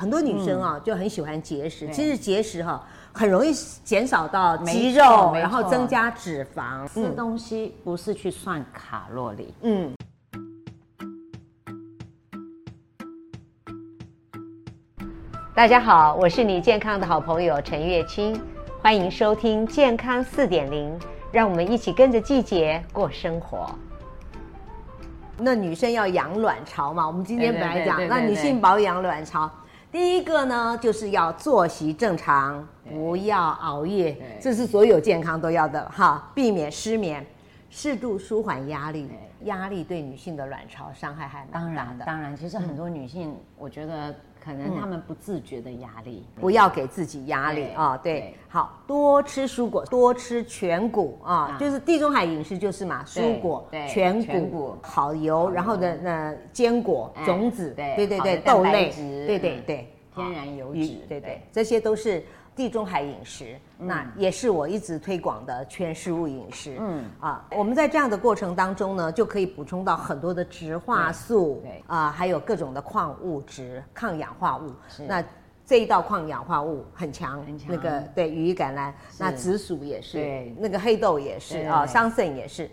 很多女生啊，嗯、就很喜歡節食。對其實節食哈、啊，很容易減少到肌肉，沒錯沒錯然後增加脂肪。嗯、吃東西不是去算卡路里。嗯。嗯大家好，我是你健康的好朋友陳月卿，歡迎收聽《健康四點零》，讓我們一起跟着季節過生活。那女生要養卵巢嘛？我們今天本來講對對對對對那女性保養卵巢。第一個呢，就是要作息正常，對不要熬夜，對這是所有健康都要的對哈，避免失眠，適度舒緩壓力，對壓力對女性的卵巢傷害還蠻大的。當然，其實很多女性，我覺得。可能他們不自覺的壓力，不要給自己壓力啊！對，好多吃蔬果，多吃全穀啊，就是地中海飲食就是嘛，蔬果、全穀、好油，然後的那堅果、種子，對對對，豆類，對對對，天然油脂，對對，這些都是。地中海飲食，嗯、那也是我一直推廣的全食物飲食。嗯啊，我們在這樣的過程當中呢，就可以補充到很多的植化素，對啊、呃，還有各種的礦物質、抗氧化物。是那這一道抗氧化物很強，很強那個對，羽衣甘藍，是那紫薯也是，對那個黑豆也是啊、哦，桑葚也是，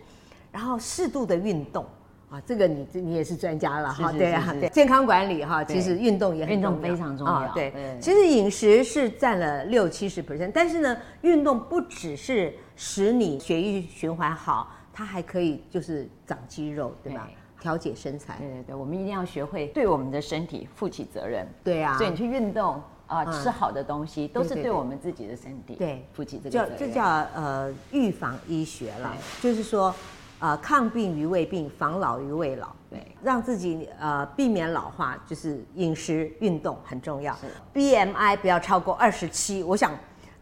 然後適度的運動。啊，這個你你也是專家了哈、啊，對啊，對健康管理哈，其實運動也很重要，運動非常重要、哦、對，對對其實飲食是佔了六七十 percent，但是呢，運動不只是使你血液循環好，它還可以就是長肌肉，對吧？對調節身材，對對對，我們一定要學會對我們的身體負起責任。對啊，所以你去運動啊、呃，吃好的東西都是對我們自己的身體對，對，對，對，對負起這個責任。這叫呃預防醫學了，對就是說。呃、抗病於未病，防老於未老，對，對讓自己呃避免老化，就是飲食運動很重要。哦、BMI 不要超過二十七，我想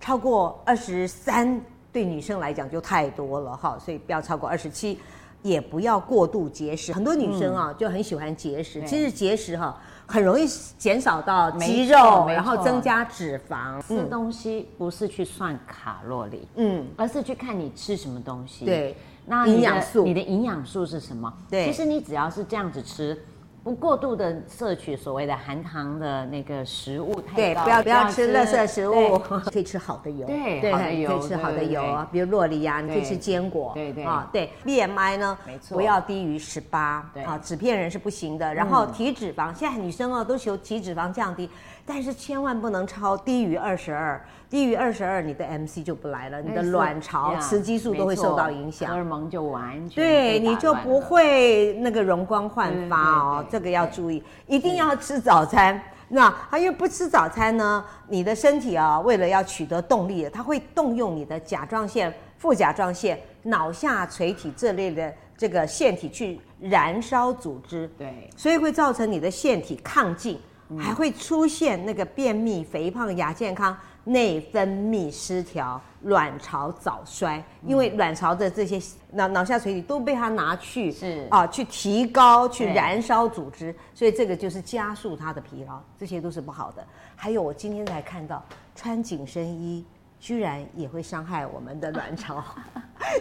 超過二十三對女生來講就太多了哈，所以不要超過二十七，也不要過度節食。很多女生啊、嗯、就很喜歡節食，對其實節食哈、啊、很容易減少到肌肉，肉然後增加脂肪。錯嗯、吃東西不是去算卡路里，嗯，而是去看你吃什麼東西。對。那你的營養素，你的營養素是什麼？對，其實你只要是這樣子吃。不過度的攝取所謂的含糖的那個食物，對，不要不要吃垃圾食物，可以吃好的油，對，對，可以吃好的油，比如酪梨啊，你可以吃堅果，對對啊，對，BMI 呢，沒錯，不要低於十八，好，紙片人是不行的。然後體脂肪，現在女生哦都求體脂肪降低，但是千萬不能超低於二十二，低於二十二你的 MC 就不來了，你的卵巢雌激素都會受到影響，荷爾蒙就完全，對，你就不會那個容光煥發哦。這個要注意，對一定要吃早餐。對那因為不吃早餐呢，你的身體啊、哦，為了要取得動力，它會動用你的甲狀腺、副甲狀腺、腦下垂體這類的這個腺體去燃燒組織，對，所以會造成你的腺體亢進，嗯、還會出現那個便秘、肥胖、亞健康。內分泌失調，卵巢早衰，因為卵巢的這些腦腦下垂體都被它拿去啊是、呃，去提高，去燃燒組織，對所以這個就是加速它的疲勞，這些都是不好的。還有我今天才看到，穿緊身衣居然也會傷害我們的卵巢，啊、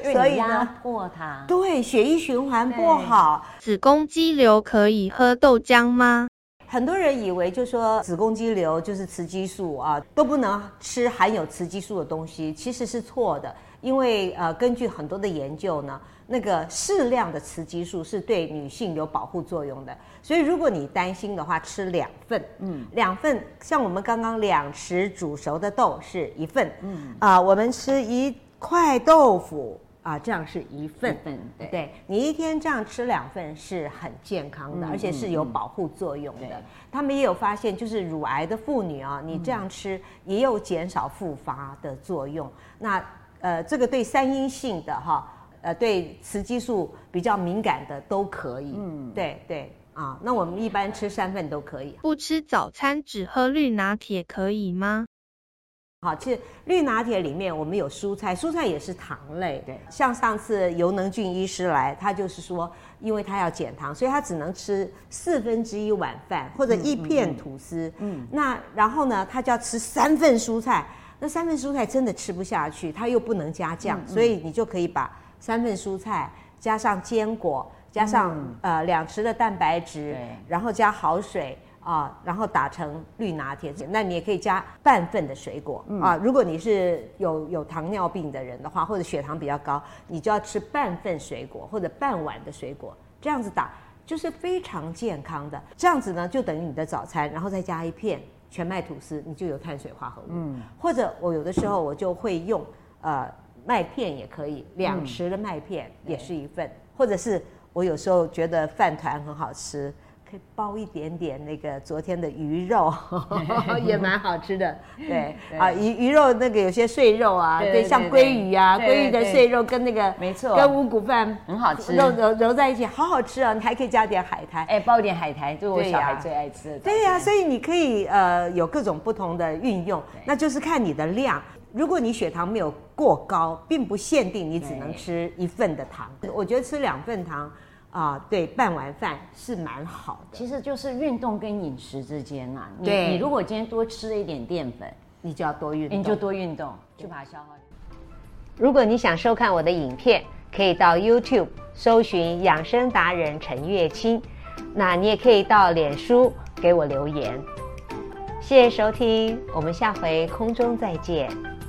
所以呢壓迫它，對血液循環不好。對子宮肌瘤可以喝豆漿嗎？很多人以為，就說子宮肌瘤就是雌激素啊，都不能吃含有雌激素的東西，其實是錯的。因為呃，根據很多的研究呢，那個適量的雌激素是對女性有保護作用的。所以，如果你擔心的話，吃兩份，嗯，兩份，像我們剛剛兩匙煮熟的豆是一份，嗯，啊、呃，我們吃一塊豆腐。啊，這樣是一份，一份對，對，你一天這樣吃兩份是很健康的，嗯、而且是有保護作用的。嗯、對，他們也有發現，就是乳癌的婦女啊，你這樣吃也有減少復發的作用。嗯、那呃，這個對三陰性的哈，呃，對雌激素比較敏感的都可以。嗯，對對啊，那我們一般吃三份都可以。啊。不吃早餐只喝綠拿鐵可以嗎？好，其實綠拿鐵裡面我們有蔬菜，蔬菜也是糖類。對，像上次游能俊醫師來，他就是說，因為他要減糖，所以他只能吃四分之一碗飯或者一片吐司。嗯。嗯嗯，那然後呢，他就要吃三份蔬菜，那三份蔬菜真的吃不下去，他又不能加醬，嗯嗯、所以你就可以把三份蔬菜加上堅果，加上、嗯、呃兩匙的蛋白質，對然後加好水。啊，然後打成綠拿鐵，那你也可以加半份的水果啊。如果你是有有糖尿病的人的話，或者血糖比較高，你就要吃半份水果或者半碗的水果，這樣子打就是非常健康的。這樣子呢，就等於你的早餐，然後再加一片全麥吐司，你就有碳水化合物。嗯，或者我有的時候我就會用呃麥片也可以，兩匙的麥片也是一份，嗯，或者是我有時候覺得飯糰很好吃。包一點點那個昨天的魚肉，也蠻好吃的。對啊，魚魚肉那個有些碎肉啊，對，像鮭魚啊，鮭魚的碎肉跟那個沒錯，跟五穀飯很好吃，揉揉揉在一起，好好吃啊！你還可以加點海苔，哎，包點海苔，這是我小孩最愛吃的。對呀，所以你可以呃有各種不同的運用，那就是看你的量。如果你血糖沒有過高，並不限定你只能吃一份的糖，我覺得吃兩份糖。啊、哦，對，半碗飯是蠻好的。其實就是運動跟飲食之間啊，你對你如果今天多吃了一點澱粉，你就要多運動，你就多運動，去對把它消耗掉。如果你想收看我的影片，可以到 YouTube 搜尋“養生達人陳月清陳月卿”，那你也可以到臉書給我留言。謝謝收聽，我們下回空中再見。